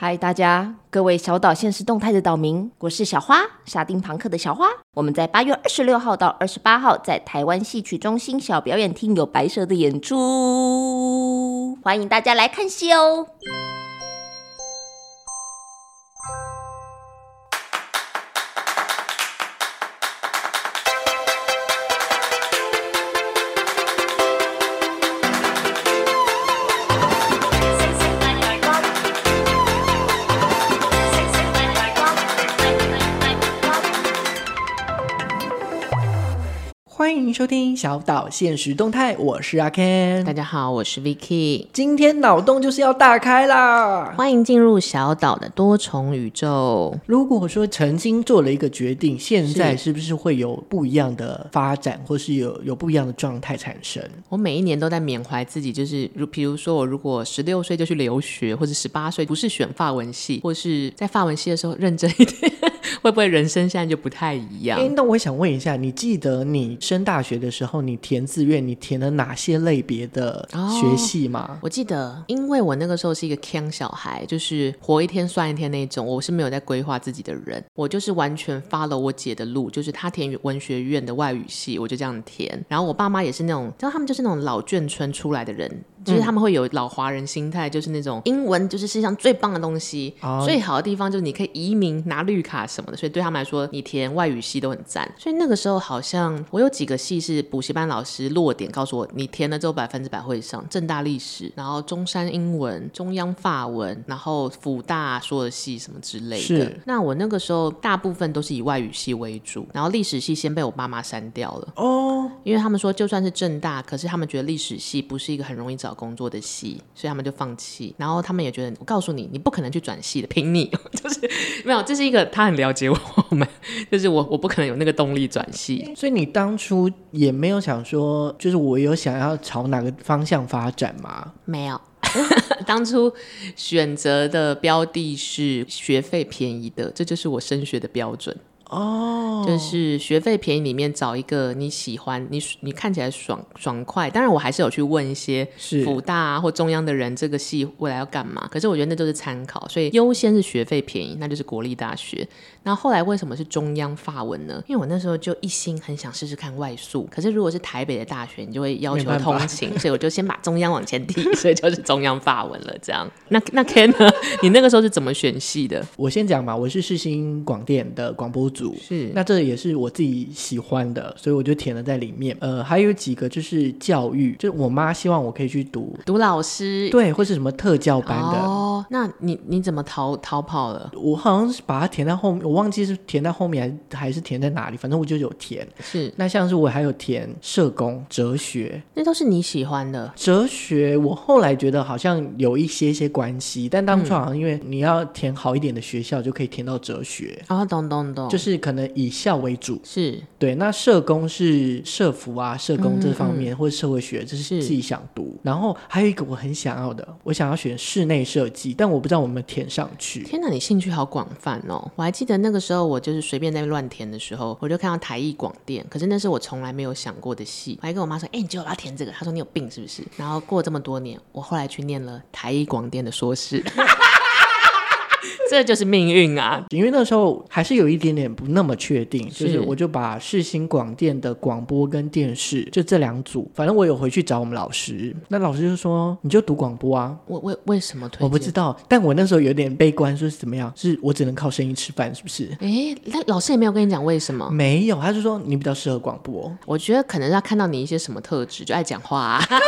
嗨，Hi, 大家，各位小島限時動態的島民，我是小花，沙丁龐克的小花。我們在八月二十六號到二十八號在台灣戲曲中心小表演廳有《白蛇》的演出，歡迎大家來看戲哦。收聽小島限時動態，我是阿 Ken。大家好，我是 Vicky，今天腦洞就是要大開啦！歡迎進入小島的多重宇宙。如果說曾經做了一個決定，現在是不是會有不一樣的發展，或是有有不一樣的狀態產生？我每一年都在緬懷自己，就是如比如說我如果十六歲就去留學，或者十八歲不是選法文系，或是在法文系的時候認真一點。 會不會人生現在就不太一樣？欸、那我想問一下，你記得你升大學的時候，你填志願，你填了哪些類別的學系嗎？Oh, 我記得，因為我那個時候是一個腔小孩，就是活一天算一天那種，我是沒有在規劃自己的人，我就是完全 follow 我姐的路，就是她填文學院的外語系，我就這樣填。然後我爸媽也是那種，知道他們就是那種老眷村出來的人。嗯、就是他們會有老華人心態，就是那種英文就是世界上最棒的東西，oh. 最好的地方就是你可以移民拿綠卡什麼的，所以對他們來說，你填外語系都很讚。所以那個時候好像我有幾個系是補習班老師落點告訴我，你填了之後百分之百會上政大歷史，然後中山英文、中央法文，然後輔大所有的系什麼之類的。對是，那我那個時候大部分都是以外語系為主，然後歷史系先被我爸媽刪掉了哦，oh. 因為他們說就算是政大，可是他們覺得歷史系不是一個很容易找。工作的系，所以他們就放棄。然後他們也覺得，我告訴你，你不可能去轉系的，憑你就是沒有。這是一個他很了解我們，就是我我不可能有那個動力轉系。所以你當初也沒有想說，就是我有想要朝哪個方向發展嗎？沒有， 當初選擇的標的是學費便宜的，這就是我升學的標準。哦，oh. 就是學費便宜裡面找一個你喜歡，你你看起來爽爽快。當然，我還是有去問一些是輔大啊或中央的人，這個系未來要幹嘛。是可是我覺得那都是參考，所以優先是學費便宜，那就是國立大學。然後後來為什麼是中央法文呢？因為我那時候就一心很想試試看外宿，可是如果是台北的大學，你就會要求通勤，所以我就先把中央往前提， 所以就是中央法文了。這樣，那那 Ken， 你那個時候是怎麼選系的？我先講吧，我是世新廣電的廣播組，是那這也是我自己喜歡的，所以我就填了在裡面。呃，還有幾個就是教育，就是我媽希望我可以去讀讀老師，對，或是什麼特教班的。哦那你你怎麼逃、逃跑了？我好像是把它填在後面，我忘記是填在後面還是還是填在哪裡，反正我就有填。是,那像是我還有填社工、哲學，那都是你喜歡的。哲學我後來覺得好像有一些一些關係，但當初好像因為你要填好一點的學校就可以填到哲學。啊，嗯，懂懂懂，就是可能以校為主。是，對。那社工是社服啊、社工這方面，嗯嗯，或者社會學，這是自己想讀。是，然後還有一個我很想要的，我想要選室內設計。但我不知道我有沒有填上去。天哪，你興趣好廣泛哦、喔！我還記得那個時候，我就是隨便在亂填的時候，我就看到台藝廣電，可是那是我從來沒有想過的戲。我還跟我媽說：“哎、欸，你叫我要填這個。”她說：“你有病是不是？”然後過了這麼多年，我後來去念了台藝廣電的碩士。 這就是命運啊！因為那時候還是有一點點不那麼確定，就是我就把世新廣電的廣播跟電視就這兩組，反正我有回去找我們老師，那老師就說，你就讀廣播啊。為為為什麼推薦？我不知道，但我那時候有點悲觀，說是怎麼樣？是我只能靠聲音吃飯，是不是？哎，那老師也沒有跟你講為什麼？沒有，他就說你比較適合廣播。我覺得可能要看到你一些什麼特質，就愛講話啊。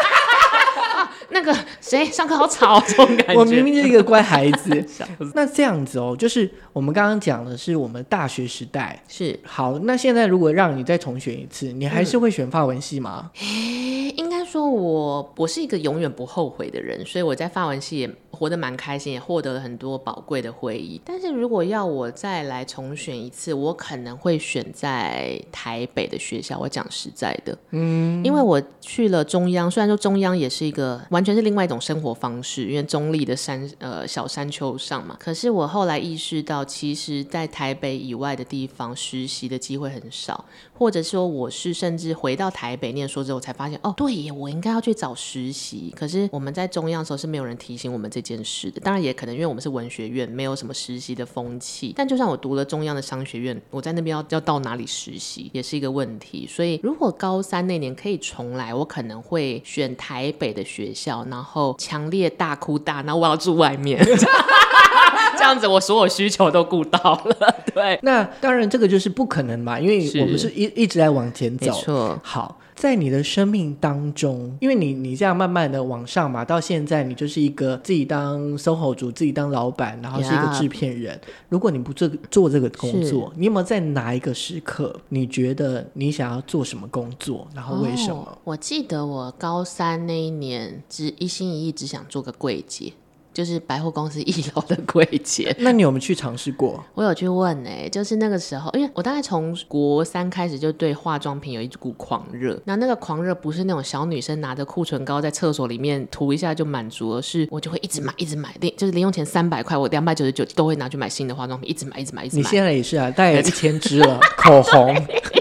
那個誰上課好吵，這種感覺。 我明明是一個乖孩子。 子那這樣子哦，就是我們剛剛講的是我們大學時代是好。那現在如果讓你再重選一次，你還是會選法文系嗎？嗯、應該說我我是一個永遠不後悔的人，所以我在法文系也活得蠻開心，也獲得了很多寶貴的回憶。但是如果要我再來重選一次，我可能會選在台北的學校。我講實在的，嗯，因為我去了中央，雖然說中央也是一個完全是另外一種生活方式，因為中立的山呃小山丘上嘛。可是我後來意識到，其實，在台北以外的地方實習的機會很少。或者說，我是甚至回到台北念書之後，我才發現哦，對耶，我應該要去找實習。可是我們在中央的時候是沒有人提醒我們這件事的。當然，也可能因為我們是文學院，沒有什麼實習的風氣。但就算我讀了中央的商學院，我在那邊要要到哪裡實習也是一個問題。所以，如果高三那年可以重來，我可能會選台北的學校，然後強烈大哭大鬧，然後我要住外面， 這樣子我所有需求都顧到了。對，那當然這個就是不可能嘛，因為我們是一。是一,一直在往前走，沒錯。好，在你的生命當中，因為你你這樣慢慢的往上嘛，到現在你就是一個自己當 SOHO 主，自己當老闆，然後是一個製片人。嗯、如果你不做做這個工作，是。你有沒有在哪一個時刻，你覺得你想要做什麼工作，然後為什麼？哦、我記得我高三那一年，只一心一意只想做個櫃姐。就是百貨公司一樓的櫃姐，那你有沒有去嘗試過？我有去問呢、欸，就是那個時候，因為我大概從國三開始就對化妝品有一股狂熱。那那個狂熱不是那種小女生拿着護唇膏在廁所裡面塗一下就滿足了，是我就會一直買，一直買，零、就是零用錢三百塊，我兩百九十九都會拿去買新的化妝品，一直買，一直買，一直買。你現在也是啊，大概有一千支了 口紅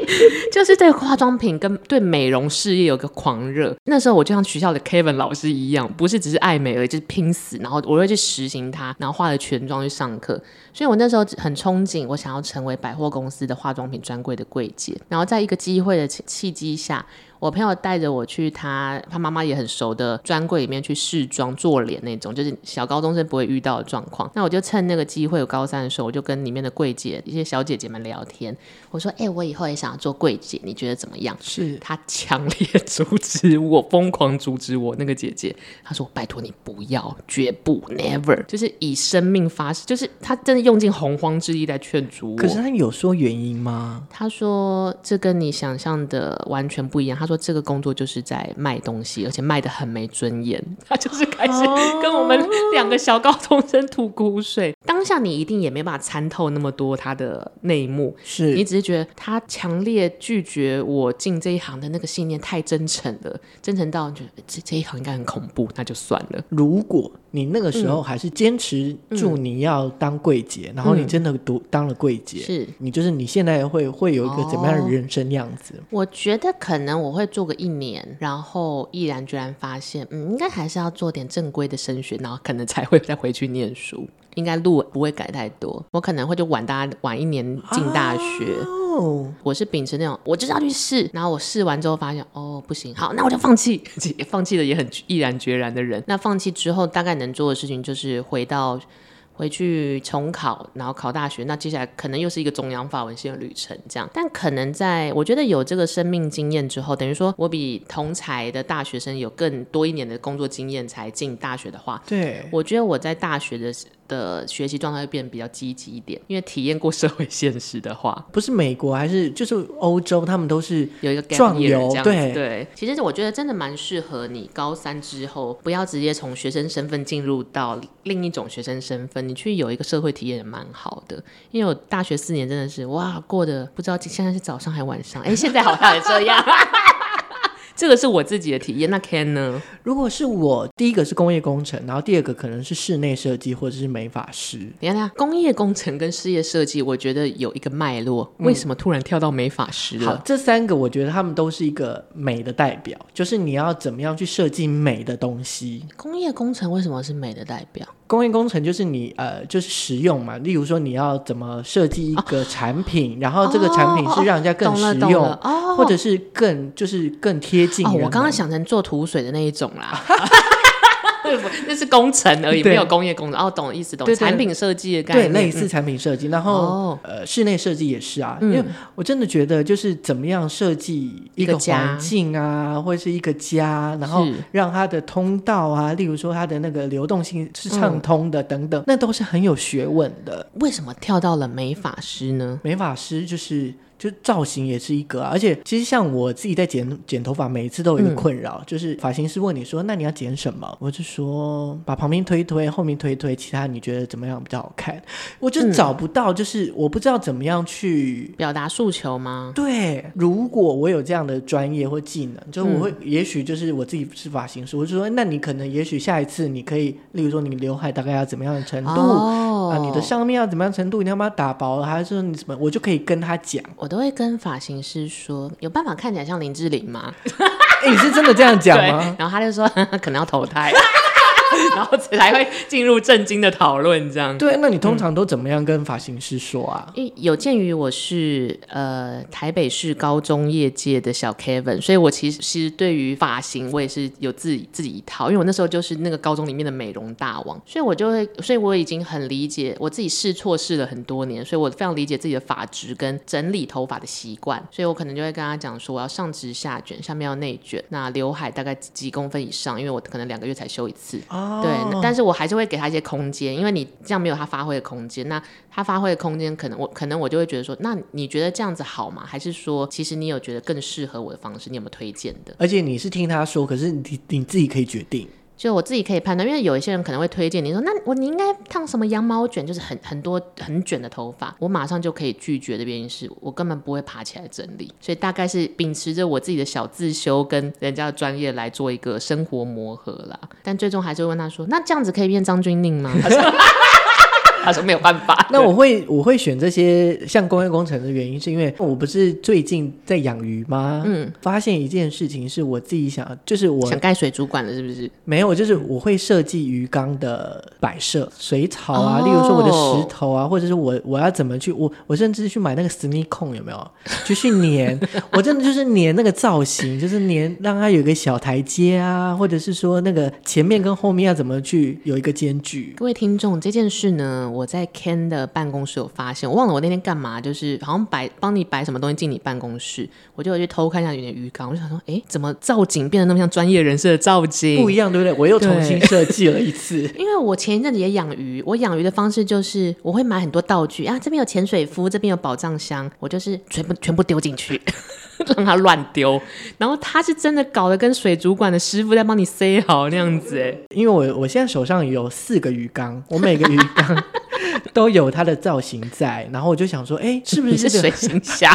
，就是對化妝品跟對美容事業有個狂熱。那時候我就像學校的 Kevin 老師一樣，不是只是愛美而已，就是拼死然後，我會去實行它，然後化了全妝去上課，所以我那時候很憧憬，我想要成為百貨公司的化妝品專櫃的櫃姐，然後在一個機會的契機下。我朋友帶着我去他他媽媽也很熟的專櫃裡面去試妝做臉那種，就是小高中生不會遇到的狀況。那我就趁那個機會，我高三的時候，我就跟裡面的櫃姐一些小姐姐們聊天。我說：“哎、欸，我以後也想要做櫃姐，你覺得怎麼樣？”是她強烈阻止我，瘋狂阻止我。那個姐姐她說：“我拜託你不要，絕不，never，就是以生命發誓，就是她真的用盡洪荒之力來勸阻我。”可是她有說原因嗎？她說：“這跟你想象的完全不一樣。”她說這個工作就是在賣東西，而且賣得很沒尊嚴。他就是開始跟我們兩個小高中生吐苦水。當下你一定也沒辦法參透那麼多他的內幕，是你只是覺得他強烈拒絕我進這一行的那個信念，太真誠了，真誠到你覺得這這一行應該很恐怖，那就算了。如果你那個時候還是堅持住，你要當櫃姐，嗯、然後你真的讀、嗯、當了櫃姐，是、嗯、你就是你現在會會有一個怎麼樣的人生樣子、哦？我覺得可能我會做個一年，然後毅然居然發現，嗯，應該還是要做點正規的升學，然後可能才會再回去念書。應該路不會改太多，我可能會就晚大晚一年進大學。啊哦，oh，我是秉持那種，我就是要去試，然後我試完之後發現，哦，不行，好，那我就放棄，放棄了也很毅然決然的人。那放棄之後，大概能做的事情就是回到回去重考，然後考大學。那接下來可能又是一個中央法文系的旅程，這樣。但可能在我覺得有這個生命經驗之後，等於說我比同儕的大學生有更多一年的工作經驗才進大學的話，對我覺得我在大學的時候。的學習狀態會變得比較積極一點，因為體驗過社會現實的話，不是美國還是就是歐洲，他們都是壯遊，有一個 gap year。對對。其實我覺得真的蠻適合你高三之後，不要直接從學生身份進入到另一種學生身份，你去有一個社會體驗也蠻好的。因為我大學四年真的是哇，過得不知道現在是早上還是晚上，哎、欸，現在好像也這樣。 這個是我自己的體驗，那 Ken 呢？如果是我，第一個是工業工程，然後第二個可能是室內設計或者是美髮師。你看，看工業工程跟室內設計，我覺得有一個脈絡。嗯、為什麼突然跳到美髮師了？好，這三個我覺得他們都是一個美的代表，就是你要怎麼樣去設計美的東西。工業工程為什麼是美的代表？工業工程就是你呃，就是實用嘛。例如說，你要怎麼設計一個產品，哦、然後這個產品是讓人家更實用，哦哦哦哦、或者是更就是更貼。哦，我剛剛想成做土水的那一種啦，那是工程而已，沒有工業工程。哦，懂意思懂。對，產品設計的概念，對，類似產品設計。然後呃，室內設計也是啊，因為我真的覺得就是怎麼樣設計一個環境啊，或是一個家，然後讓它的通道啊，例如說它的那個流動性是暢通的等等，那都是很有學問的。為什麼跳到了美髮師呢？美髮師就是。就造型也是一個、啊，而且其實像我自己在剪剪頭髮，每一次都有一個困擾，嗯、就是髮型師問你說：“那你要剪什麼？”我就說：“把旁邊推一推，後面推一推，其他你覺得怎麼樣比較好看？”我就找不到，就是我不知道怎麼樣去、嗯、對表達訴求嗎？對，如果我有這樣的專業或技能，就我會、嗯、也許就是我自己是髮型師，我就說：“那你可能也許下一次你可以，例如說你劉海大概要怎麼樣的程度、哦、啊？你的上面要怎麼樣的程度？你要把它打薄了，還是說你什麼？我就可以跟他講。”都會跟髮型師說，有辦法看起來像林志玲嗎？ 欸，你是真的這樣講嗎？對然後他就說呵呵，可能要投胎。 然後才會進入正經的討論，這樣對。那你通常都怎麼樣跟髮型師說啊？誒、嗯，有鑑於我是呃台北市高中業界的小 Kevin，所以我其實其實對於髮型我也是有自己自己一套，因為我那時候就是那個高中裡面的美容大王，所以我就會，所以我已經很理解我自己試錯試了很多年，所以我非常理解自己的髮質跟整理頭髮的習慣，所以我可能就會跟他講說，我要上直下卷，下面要內卷，那劉海大概幾，幾公分以上，因為我可能兩個月才修一次哦。對，但是我還是會給他一些空間，因為你這樣沒有他發揮的空間。那他發揮的空間，可能我可能我就會覺得說，那你覺得這樣子好嗎？還是說，其實你有覺得更適合我的方式，你有沒有推薦的？而且你是聽他說，可是你你自己可以決定。就我自己可以判斷，因為有一些人可能會推薦你說：“那我你應該燙什麼羊毛捲，就是很很多很捲的頭髮。”我馬上就可以拒絕的原因是我根本不會爬起來整理，所以大概是秉持着我自己的小自修跟人家的專業來做一個生活磨合啦。但最終還是會問他說：“那這樣子可以變張鈞寧嗎？” 是沒有辦法。 那我會我會選這些像工業工程的原因，是因為我不是最近在養魚嗎？嗯，發現一件事情是我自己想，就是我想蓋水族館了，是不是？沒有，就是我會設計魚缸的擺設、水草啊，哦、例如說我的石頭啊，或者是我我要怎麼去，我我甚至去買那個矽利康有沒有？就去黏， 我真的就是黏那個造型，就是黏讓它有一個小台階啊，或者是說那個前面跟後面要怎麼去有一個間距。各位聽眾，這件事呢，我。我在 Ken 的辦公室有發現，我忘了我那天幹嘛，就是好像擺幫你擺什麼東西進你辦公室，我就去偷看一下你的魚缸，我就想說，哎，怎麼造景變得那麼像專業人士的造景？不一樣，對不對？我又重新設計了一次。對 因為我前一陣子也養魚，我養魚的方式就是我會買很多道具啊，這邊有潛水夫，這邊有寶藏箱，我就是全部全部丟進去， 讓他亂丟， 然後他是真的搞得跟水族館的師傅在幫你塞好那樣子。哎， 因為我我現在手上有四個魚缸，我每個魚缸。 都有它的造型在，然後我就想說，哎，是不是,這這是水行俠？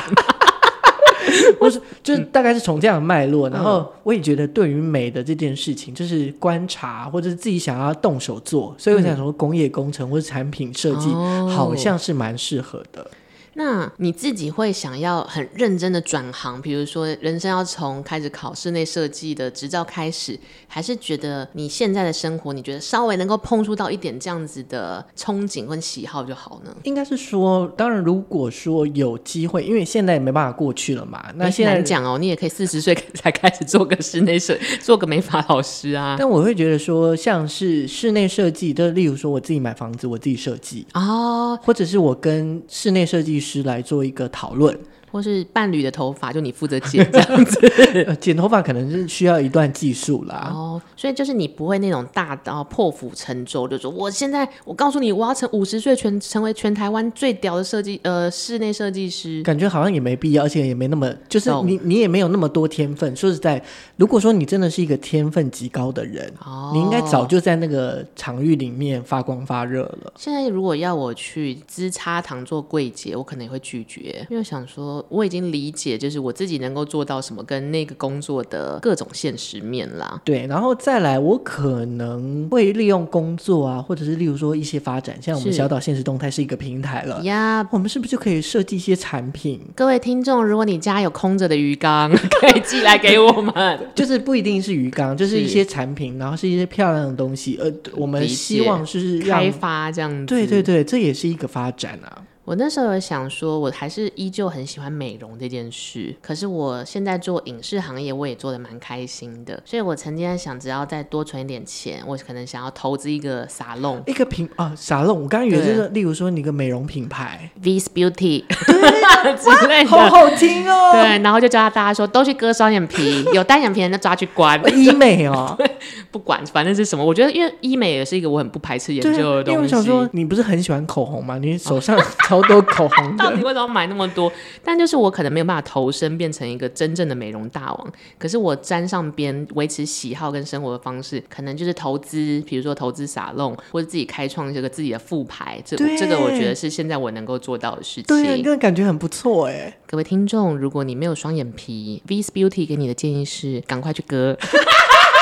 我是就大概是從這樣的脈絡，嗯、然後我也覺得對於美的這件事情，嗯、就是觀察或者是自己想要動手做，所以我想說工業工程或者產品設計，好像是蠻適合的。哦那你自己會想要很認真的轉行，比如說人生要從開始考室內設計的執照開始，還是覺得你現在的生活，你覺得稍微能夠碰觸到一點這樣子的憧憬跟喜好就好呢？應該是說，當然如果說有機會，因為現在也沒辦法過去了嘛。那現在講哦，你也可以四十歲才開始做個室內設， 做個美髮老師啊。但我會覺得說，像是室內設計，就例如說我自己買房子，我自己設計啊，哦，或者是我跟室內設計。是來做一個討論。或是伴侶的頭髮，就你負責剪這樣子。 剪頭髮可能是需要一段技術啦。哦，所以就是你不會那種大刀、啊、破釜沉舟，就說我現在我告訴你，我要成五十歲全成為全台灣最屌的設計呃室內設計師。感覺好像也沒必要，而且也沒那麼就是你 Don 't. 你，你也沒有那麼多天分。說實在，如果說你真的是一個天分極高的人，Oh. 你應該早就在那個場域裡面發光發熱了。現在如果要我去支叉堂做櫃姐，我可能也會拒絕，因為想說。我已經理解，就是我自己能夠做到什麼，跟那個工作的各種現實面啦。對，然後再來，我可能會利用工作啊，或者是例如說一些發展，像我們小島限時動態是一個平台了呀。Yeah, 我們是不是就可以設計一些產品？各位聽眾，如果你家有空着的魚缸，可以寄來給我們。 就是不一定是魚缸，就是一些產品，是然後是一些漂亮的東西。呃，我們希望是開發這樣子。對對對，這也是一個發展啊。我那時候有想說，我還是依舊很喜歡美容這件事。可是我現在做影視行業，我也做得蠻開心的。所以我曾經在想，只要再多存一點錢，我可能想要投資一個沙龍。一個品啊沙龍。我剛剛以為這個，對例如說，你個美容品牌，V's iz Beauty，對 的好好聽哦。對，然後就叫大家說，都去割雙眼皮，有單眼皮的人抓去關醫美 以、e、哦。 不管反正是什麼，我覺得因為醫、e、美也是一個我很不排斥研究的東西。因為我想說，你不是很喜歡口紅嗎？你手上。啊好多口紅， 到底為什麼買那麼多？ 但就是我可能沒有辦法投身變成一個真正的美容大王，可是我沾上邊，維持喜好跟生活的方式，可能就是投資，比如說投資沙龍或者自己開創一個自己的副牌，這對這個我覺得是現在我能夠做到的事情。對，感覺很不錯哎、欸。各位聽眾，如果你沒有雙眼皮，V's Beauty 給你的建議是趕快去割。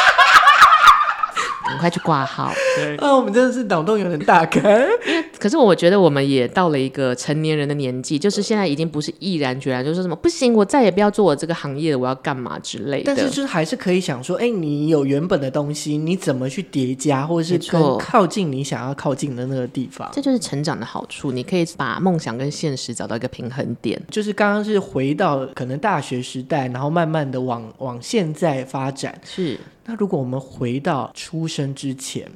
趕快去掛號！對 啊，我們真的是腦洞有點大開。 可是我覺得我們也到了一個成年人的年紀，就是現在已經不是毅然決然，就是什麼不行，我再也不要做我這個行業了，我要幹嘛之類的。但是，就是還是可以想說，哎、欸，你有原本的東西，你怎麼去疊加，或者是更靠近你想要靠近的那個地方？這就是成長的好處，你可以把夢想跟現實找到一個平衡點。就是剛剛是回到可能大學時代，然後慢慢的往往現在發展是。那如果我們回到出生之前，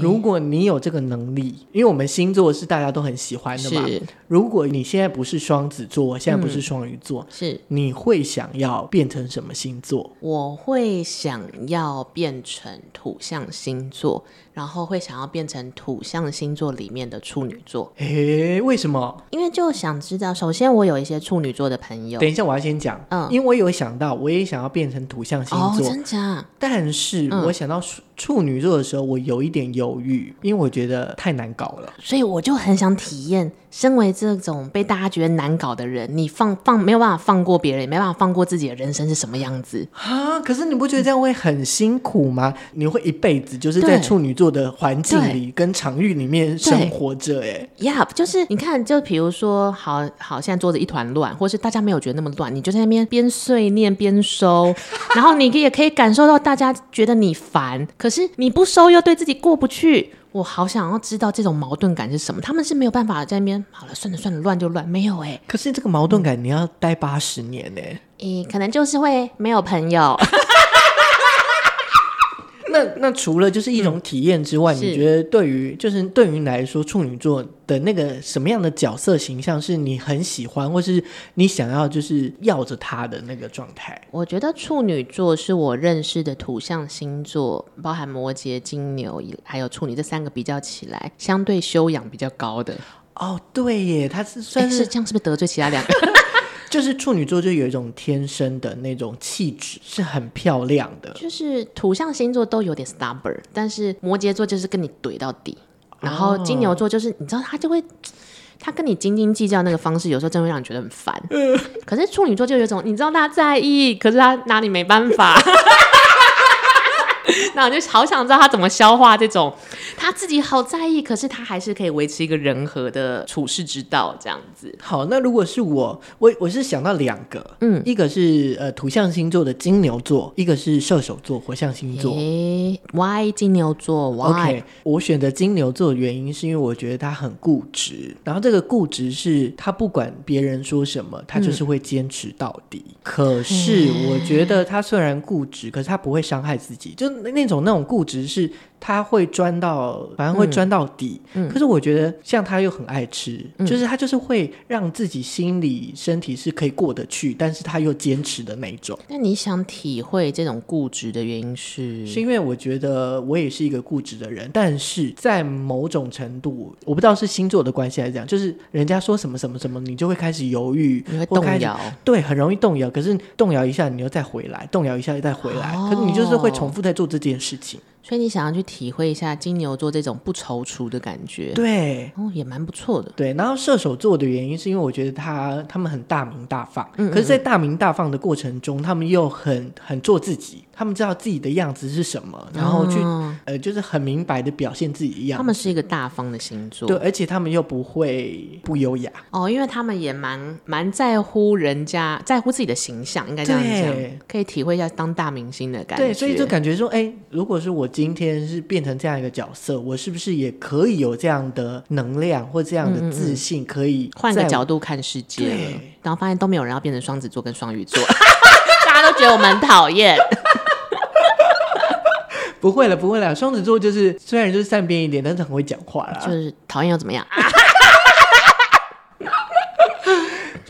如果你有這個能力，因為我們星座是大家都很喜歡的嘛。是如果你現在不是雙子座，現在不是雙魚座，嗯、是，你會想要變成什麼星座？我會想要變成土象星座。然後會想要變成土象星座裡面的處女座。誒，為什麼？因為就想知道，首先我有一些處女座的朋友，等一下我要先講，嗯，因為我有想到，我也想要變成土象星座，哦，真的，但是我想到。嗯處女座的時候，我有一點猶豫，因為我覺得太難搞了，所以我就很想體驗身為這種被大家覺得難搞的人，你放放沒有辦法放過別人，也沒辦法放過自己的人生是什麼樣子啊？可是你不覺得這樣會很辛苦嗎？你會一輩子就是在對處女座的環境裡對跟場域裡面生活着，欸？哎 y、yeah, 就是你看，就比如說，好好，現在桌子一團亂，或是大家沒有覺得那麼亂，你就在那邊邊碎念邊收， 然後你也可以感受到大家覺得你煩，可是你不收，又對自己過不去，我好想要知道這種矛盾感是什麼？他們是沒有辦法在那邊，好了，算了算了，亂就亂，沒有哎、欸。可是這個矛盾感，你要待八十年呢、欸。誒、嗯呃，可能就是會沒有朋友。 那那除了就是一種體驗之外，嗯、你覺得對於就是對於你來說，處女座的那個什麼樣的角色形象，是你很喜歡，或是你想要就是要着他的那個狀態？我覺得處女座是我認識的土象星座，嗯、包含摩羯、金牛，還有處女這三個比較起來，相對修養比較高的。哦，對耶，他是算、欸、是這樣，是不是得罪其他兩個？ 就是處女座就有一種天生的那種氣質，是很漂亮的。就是土象星座都有點 stubborn，但是摩羯座就是跟你懟到底，哦、然後金牛座就是你知道他就會，他跟你斤斤計較那個方式，有時候真會讓你覺得很煩。嗯、可是處女座就有一種，你知道他在意，可是他拿你沒辦法。 那我就好想知道他怎麼消化這種，他自己好在意，可是他還是可以維持一個人和的處世之道，這樣子。好，那如果是我，我我是想到兩個，嗯，一個是呃土象星座的金牛座，一個是射手座，火象星座。欸。Why 金牛座? Why? Okay, 我選擇金牛座的原因是因為我覺得他很固執，然後這個固執是他不管別人說什麼，他就是會堅持到底。嗯。可是我覺得他雖然固執，可是他不會傷害自己，就那。那種那種固執是。他會鑽到，反正會鑽到底。嗯、可是我覺得，像他又很愛吃，嗯、就是他就是會讓自己心裡、身體是可以過得去，嗯、但是他又堅持的那一種。那你想體會這種固執的原因是？是因為我覺得我也是一個固執的人，但是在某種程度，我不知道是星座的關係還是怎樣，就是人家說什麼什麼什麼，你就會開始猶豫，你會動搖，對，很容易動搖。可是動搖一下，你又再回來；動搖一下又再回來。哦、可是你就是會重複在做這件事情。所以你想要去體會一下金牛座這種不躊躇的感覺，對，哦，也蠻不錯的。對，然後射手座的原因是因為我覺得他他們很大鳴大放，嗯嗯嗯可是，在大鳴大放的過程中，他們又很很做自己，他們知道自己的樣子是什麼，然後去、哦、呃，就是很明白的表現自己一樣。他們是一個大方的星座，對，而且他們又不會不優雅哦，因為他們也蠻蠻在乎人家在乎自己的形象，應該這樣講對，可以體會一下當大明星的感覺。對，所以就感覺說，哎，如果是我。今天是變成這樣一個角色，我是不是也可以有這樣的能量或這樣的自信，可以換個角度看世界？對然後發現都沒有人要變成雙子座跟雙魚座， 大家都覺得我蠻討厭。 不會了，不會了，雙子座就是雖然就是善變一點，但是很會講話啦、啊。就是討厭又怎麼樣？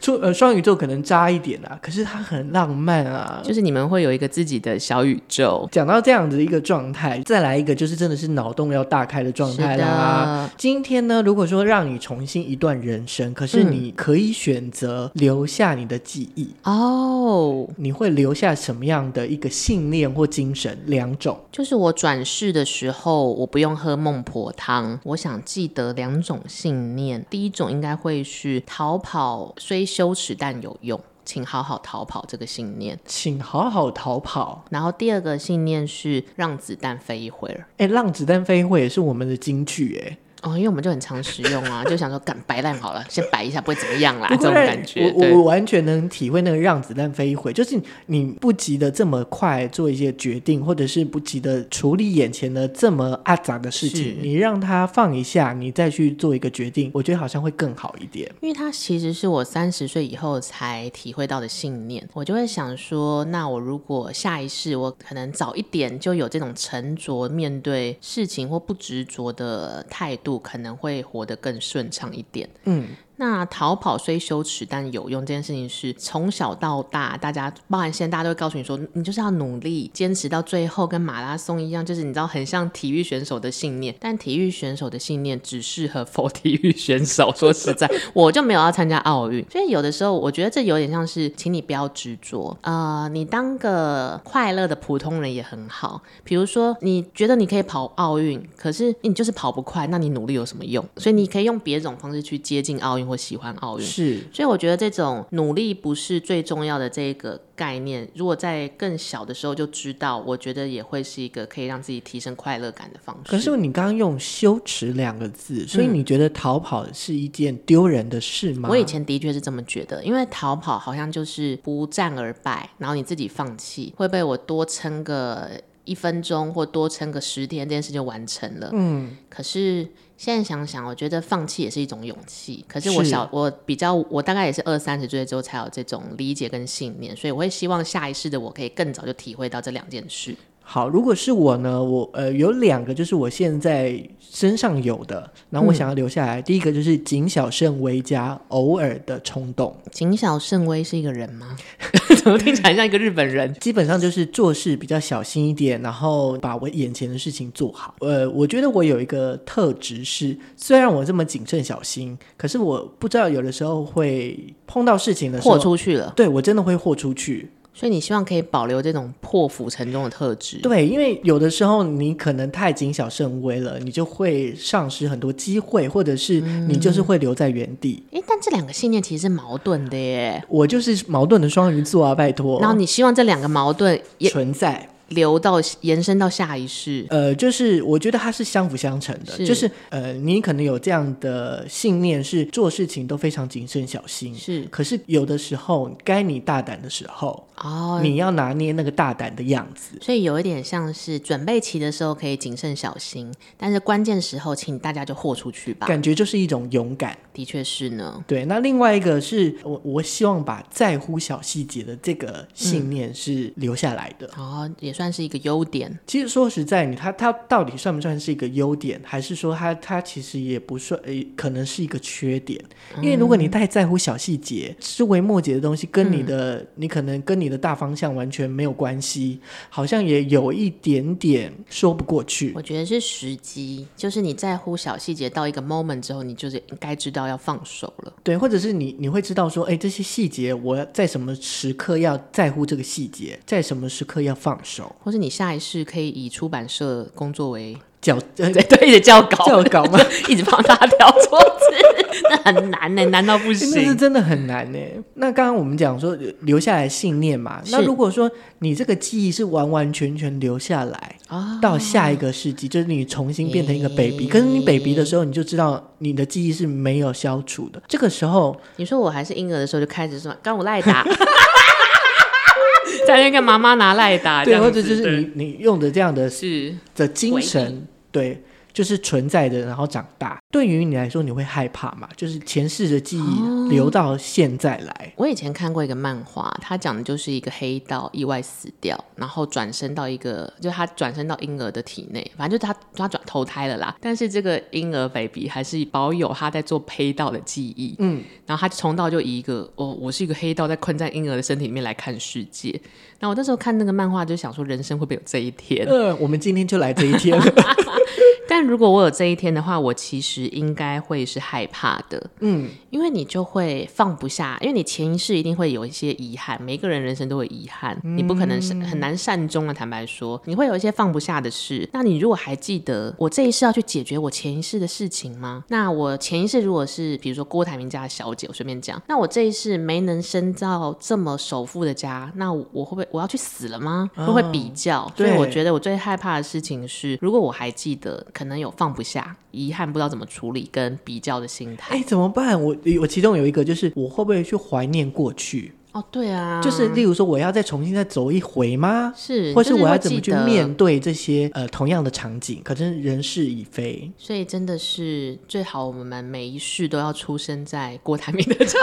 出呃雙魚座，可能渣一點啊，可是它很浪漫啊，就是你們會有一個自己的小宇宙。講到這樣子的一個狀態，再來一個就是真的是腦洞要大開的狀態啦。的今天呢，如果說讓你重新一段人生，可是你可以選擇留下你的記憶哦，嗯、你會留下什麼樣的一個信念或精神？兩種，就是我轉世的時候，我不用喝孟婆湯，我想記得兩種信念，第一種應該會是逃跑雖。所以羞恥但有用，請好好逃跑這個信念，請好好逃跑。然後第二個信念是讓子彈飛一會兒。欸，讓子彈飛一會兒也是我們的金句欸。哦，因為我們就很常使用啊， 就想說敢擺爛好了，先擺一下，不會怎麼樣啦，會這種感覺。我對我完全能體會那個讓子彈飛一回，就是你不急的這麼快做一些決定，或者是不急的處理眼前的這麼阿雜的事情，是你讓他放一下，你再去做一個決定，我覺得好像會更好一點。因為他其實是我三十歲以後才體會到的信念，我就會想說，那我如果下一世，我可能早一點就有這種沉着面對事情或不執着的態度。可能會活得更順暢一點。嗯。那逃跑雖羞恥，但有用，這件事情是從小到大，大家，包含現在大家都會告訴你說，你就是要努力堅持到最後，跟馬拉松一樣，就是你知道很像體育選手的信念。但體育選手的信念只適合 for 體育選手。說實在， 我就沒有要參加奧運。所以有的時候，我覺得這有點像是，請你不要執着。呃，你當個快樂的普通人也很好。比如說，你覺得你可以跑奧運，可是你就是跑不快，那你努力有什麼用？所以你可以用別種方式去接近奧運我喜歡奧運，是，所以我覺得這種努力不是最重要的這個概念。如果在更小的時候就知道，我覺得也會是一個可以讓自己提升快樂感的方式。可是你剛剛用“羞恥”兩個字，所以你覺得逃跑是一件丟人的事嗎？嗯，我以前的確是這麼覺得，因為逃跑好像就是不戰而敗，然後你自己放棄，會被我多撐個一分鐘或多撐個十天，這件事就完成了。嗯，可是。現在想想，我覺得放棄也是一種勇氣。可是我小，是我比較，我大概也是二三十歲之後才有這種理解跟信念。所以我會希望下一世的我可以更早就體會到這兩件事。好，如果是我呢？我呃有兩個，就是我現在身上有的，然後我想要留下來。嗯、第一個就是謹小慎微加偶爾的衝動。謹小慎微是一個人嗎？ 怎麼聽起來像一個日本人？ 基本上就是做事比較小心一點，然後把我眼前的事情做好。呃，我覺得我有一個特質是，雖然我這麼謹慎小心，可是我不知道有的時候會碰到事情的時候豁出去了。對，我真的會豁出去。所以你希望可以保留這種破釜沉舟的特質，對，因為有的時候你可能太謹小慎微了，你就會喪失很多機會，或者是你就是會留在原地。哎、嗯，但這兩個信念其實是矛盾的耶。我就是矛盾的雙魚座啊，拜托。然後你希望這兩個矛盾也存在，留到延伸到下一世。呃，就是我覺得它是相輔相成的，是。就是呃，你可能有這樣的信念，是做事情都非常謹慎小心，是。可是有的時候該你大膽的時候。哦，oh, 你要拿捏那個大膽的樣子，所以有一點像是準備期的時候可以謹慎小心，但是關鍵時候，請大家就豁出去吧。感覺就是一種勇敢，的確是呢。對，那另外一個是我，我我希望把在乎小細節的這個信念是留下來的。嗯、哦，也算是一個優點。其實說實在，你他他到底算不算是一個優點，還是說他他其實也不算，可能是一個缺點？因為如果你太在乎小細節、枝微末節的東西，跟你的、嗯、你可能跟你你的大方向完全沒有關係，好像也有一點點說不過去。我覺得是時機，就是你在乎小細節到一個 moment 之後，你就是應該知道要放手了。對，或者是你你會知道說，哎、欸，這些細節我在什麼時刻要在乎這個細節，在什麼時刻要放手，或是你下一世可以以出版社工作為。較對，一直較高，較高嗎？一直放大調桌子，那很難呢，難到不行。那是真的很難呢。那剛剛我們講說留下來信念嘛，那如果說你這個記憶是完完全全留下來，到下一個世紀，就是你重新變成一個 baby，可是你 baby 的時候，你就知道你的記憶是沒有消除的。這個時候，你說我還是嬰兒的時候就開始說“幹我賴打，在那個媽媽拿賴打。”對，或者就是你你用的這樣的是的精神。對，就是存在的，然後長大。對於你來說，你會害怕嗎？就是前世的記憶留到現在來、哦。我以前看過一個漫畫，他講的就是一個黑道意外死掉，然後轉生到一個，就他轉生到嬰兒的體內，反正就他他轉投胎了啦。但是這個嬰兒 baby 還是保有他在做黑道的記憶，嗯，然後他從到就，道就以一個，哦，我是一個黑道，在困在嬰兒的身體裡面來看世界。那我那時候看那個漫畫，就想說人生會不會有這一天？嗯、呃，我們今天就來這一天了。 但如果我有這一天的話，我其實應該會是害怕的，嗯，因為你就會放不下，因為你前一世一定會有一些遺憾，每一個人人生都會遺憾，嗯、你不可能善很難善終啊。坦白說，你會有一些放不下的事。那你如果還記得我這一世要去解決我前一世的事情嗎？那我前一世如果是比如說郭台銘家的小姐，我順便講，那我這一世沒能生到這麼首富的家，那我會不會我要去死了嗎？會、哦、不會比較。對所以我覺得我最害怕的事情是，如果我還記得。可能有放不下、遺憾，不知道怎麼處理跟比較的心態。哎、欸，怎麼辦？我我其中有一個就是，我會不會去懷念過去？哦，對啊，就是例如說，我要再重新再走一回嗎？是，或是我要怎麼去面對這些呃同樣的場景？可是人事已非，所以真的是最好我們每一世都要出生在郭台銘的家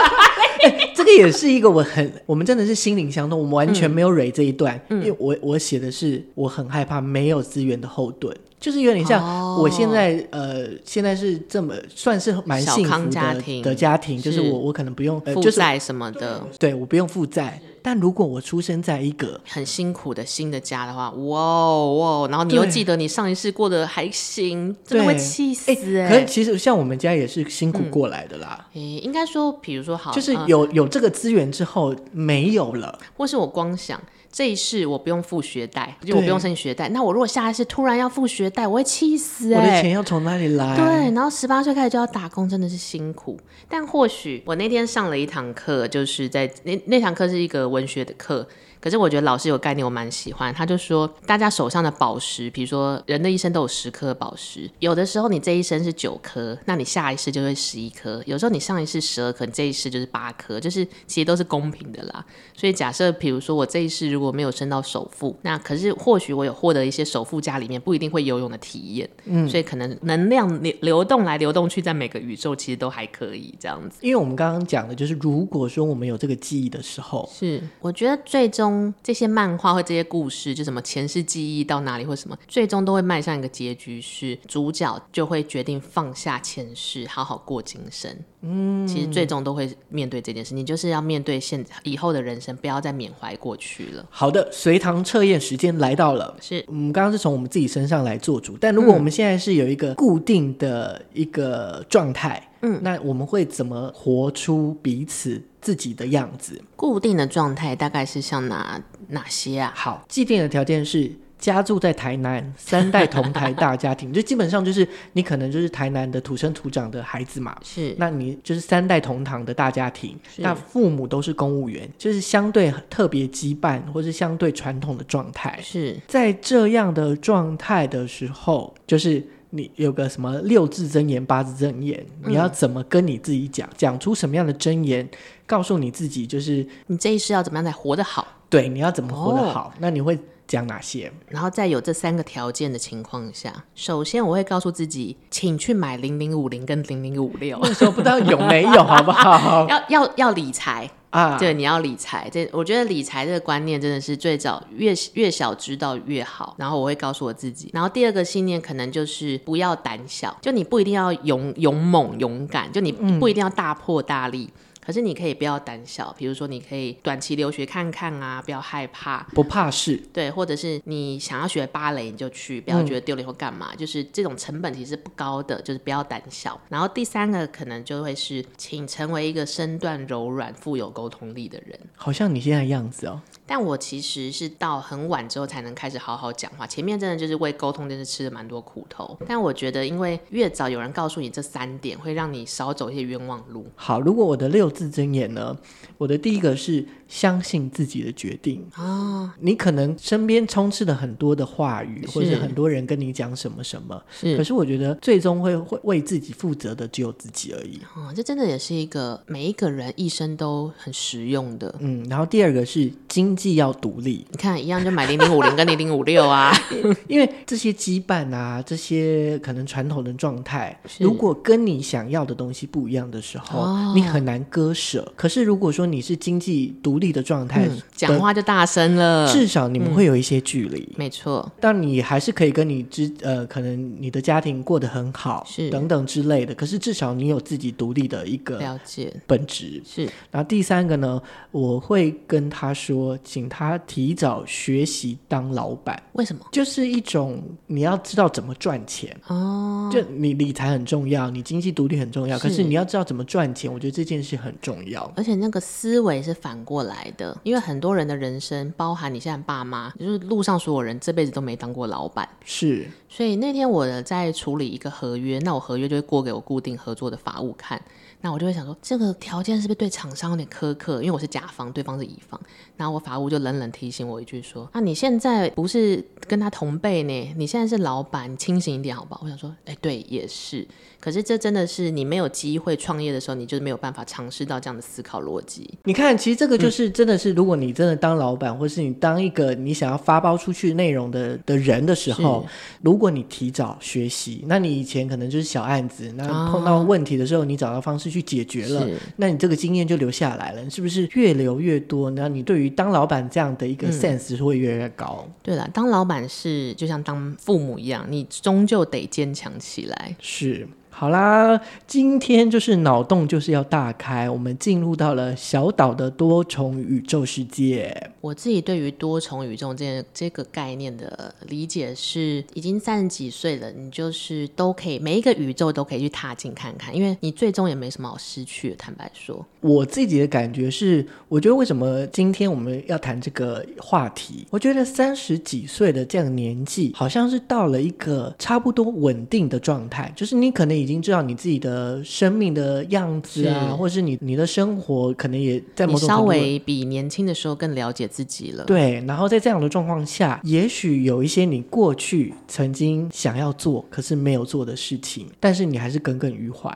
欸。這個也是一個我很，我們真的是心靈相通，我們完全沒有蕊這一段，嗯嗯、因為我我寫的是我很害怕沒有資源的後盾。就是有點像我現在，呃，現在是這麼算是蠻幸福家庭的家庭，就是我我可能不用負債什麼的，對，我不用負債。但如果我出生在一個很辛苦的新的家的話，哇哇，然後你又記得你上一世過得還行，真的會氣死。哎，可其實像我們家也是辛苦過來的啦。誒，應該說，比如說好，就是有有這個資源之後沒有了，或是我光想。這一世我不用付學貸，就是、我不用申請學貸。對那我如果下一世突然要付學貸，我會氣死哎、欸！我的錢要從哪裡來？對，然後十八歲開始就要打工，真的是辛苦。但或許我那天上了一堂課，就是在那那堂課是一個文學的課，可是我覺得老師有概念，我蠻喜歡。他就說，大家手上的寶石，比如說人的一生都有十顆寶石，有的時候你這一生是九顆，那你下一世就會十一顆；有時候你上一世十二顆，你這一世就是八顆，就是其實都是公平的啦。所以假設比如說我這一世如果我沒有升到首富，那可是或許我有獲得一些首富家裡面不一定會游泳的體驗，嗯，所以可能能量流動來流動去，在每個宇宙其實都還可以這樣子。因為我們剛剛講的就是，如果說我們有這個記憶的時候，是我覺得最終這些漫畫或這些故事，就什麼前世記憶到哪裡或什麼，最終都會邁向一個結局，是主角就會決定放下前世，好好過今生。嗯，其實最終都會面對這件事，你就是要面對現以後的人生，不要再緬懷過去了。好的，隨堂測驗時間來到了。是，我們、嗯、剛剛是從我們自己身上來做主，但如果我們現在是有一個固定的一個狀態，嗯，那我們會怎麼活出彼此自己的樣子？固定的狀態大概是像哪哪些啊？好，既定的條件是。家住在台南，三代同堂大家庭。 就基本上就是你可能就是台南的土生土長的孩子嘛。是，那你就是三代同堂的大家庭，是那父母都是公務員，就是相對特別羈絆或是相對傳統的狀態。是，在這樣的狀態的時候，就是你有個什麼六字真言、八字真言，你要怎麼跟你自己講？講、嗯、出什麼樣的真言，告訴你自己，就是你這一世要怎麼樣才活得好？對，你要怎麼活得好？哦、那你會。講哪些？然後在有這三個條件的情況下，首先我會告訴自己，請去買零零五零跟零零五六。就是我 不知道有沒有，好不好？ 啊啊啊、要要要理財啊！對，你要理財。這我覺得理財這個觀念真的是最早越越小知道越好。然後我會告訴我自己。然後第二個信念可能就是不要膽小，就你不一定要勇勇猛勇敢，就你不一定要大破大立。嗯可是你可以不要膽小，比如說你可以短期留學看看啊，不要害怕，不怕事，對，或者是你想要學芭蕾你就去，不要覺得丟臉或幹嘛，嗯、就是這種成本其實不高的，就是不要膽小。然後第三個可能就會是，請成為一個身段柔軟、富有溝通力的人，好像你現在的樣子哦。但我其實是到很晚之後才能開始好好講話，前面真的就是為溝通，真是吃了蠻多苦頭。但我覺得，因為越早有人告訴你這三點，會讓你少走一些冤枉路。好，如果我的六字真言呢？我的第一個是相信自己的決定啊。哦，你可能身邊充斥了很多的話語，是或者很多人跟你講什麼什麼，是。可是我覺得，最終會會為自己負責的只有自己而已。哦，這真的也是一個每一個人一生都很實用的。嗯，然後第二個是精。既要獨立，你看一樣就買零零五零跟零零五六啊。 因為這些羈絆啊，這些可能傳統的狀態，是如果跟你想要的東西不一樣的時候，哦、你很難割捨。可是如果說你是經濟獨立的狀態，講、嗯、本話就大聲了，至少你們會有一些距離、嗯，沒錯。但你還是可以跟你之，呃，可能你的家庭過得很好，是等等之類的。可是至少你有自己獨立的一個了解本質是。然後第三個呢，我會跟他說，請他提早學習當老闆，為什麼？就是一種你要知道怎麼賺錢哦。就你理財很重要，你經濟獨立很重要。是。可是你要知道怎麼賺錢，我覺得這件事很重要。而且那個思維是反過來的，因為很多人的人生，包含你現在爸媽，就是路上所有人，這輩子都沒當過老闆。是。所以那天我在處理一個合約，那我合約就會過給我固定合作的法務看。那我就會想說，這個條件是不是對廠商有點苛刻？因為我是甲方，對方是乙方。然後我法務就冷冷提醒我一句說：“啊，你現在不是跟他同輩呢，你現在是老板，清醒一點好不好？”我想說：“哎，對，也是。”可是這真的是你沒有機會創業的時候，你就是沒有辦法嘗試到這樣的思考邏輯。你看，其實這個就是真的是，如果你真的當老闆，嗯、或是你當一個你想要發包出去內容的的人的時候，是如果你提早學習，那你以前可能就是小案子，那碰到問題的時候，啊、你找到方式去解決了，是那你這個經驗就留下來了。你是不是越留越多？那你對於當老闆這樣的一個 sense、嗯、是會越來越高。對了，當老闆是就像當父母一樣，你終究得堅強起來。是。好啦，今天就是腦洞就是要大開，我們進入到了小島的多重宇宙世界。我自己對於多重宇宙這個、這個概念的理解是，已經三十幾歲了，你就是都可以每一個宇宙都可以去踏進看看，因為你最終也沒什麼好失去。坦白說，我自己的感覺是，我覺得為什麼今天我們要談這個話題？我覺得三十幾歲的這樣年紀，好像是到了一個差不多穩定的狀態，就是你可能。已經知道你自己的生命的樣子啊，是或者是你你的生活，可能也在某種程度稍微比年輕的時候更了解自己了。對，然後在這樣的狀況下，也許有一些你過去曾經想要做可是沒有做的事情，但是你還是耿耿於懷，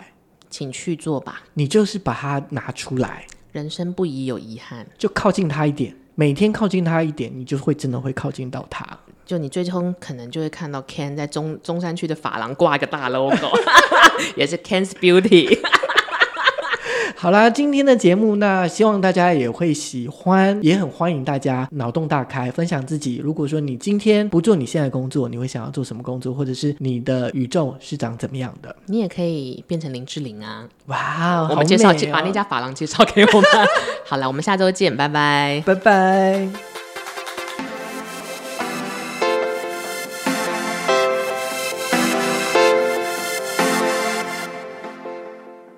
請去做吧。你就是把它拿出來，人生不宜有遺憾，就靠近他一點，每天靠近他一點，你就會真的會靠近到他。就你最終可能就會看到 Ken 在中中山區的髮廊掛一個大 logo。 也是 Ken's Beauty。 好啦，今天的節目呢，希望大家也會喜歡，也很歡迎大家腦洞大開，分享自己。如果說你今天不做你現在工作，你會想要做什麼工作？或者是你的宇宙是長怎麼樣的？你也可以變成林志玲啊！哇哦，我們介紹、哦、把那家髮廊介紹給我們。 好了，我們下周見，拜拜，拜拜。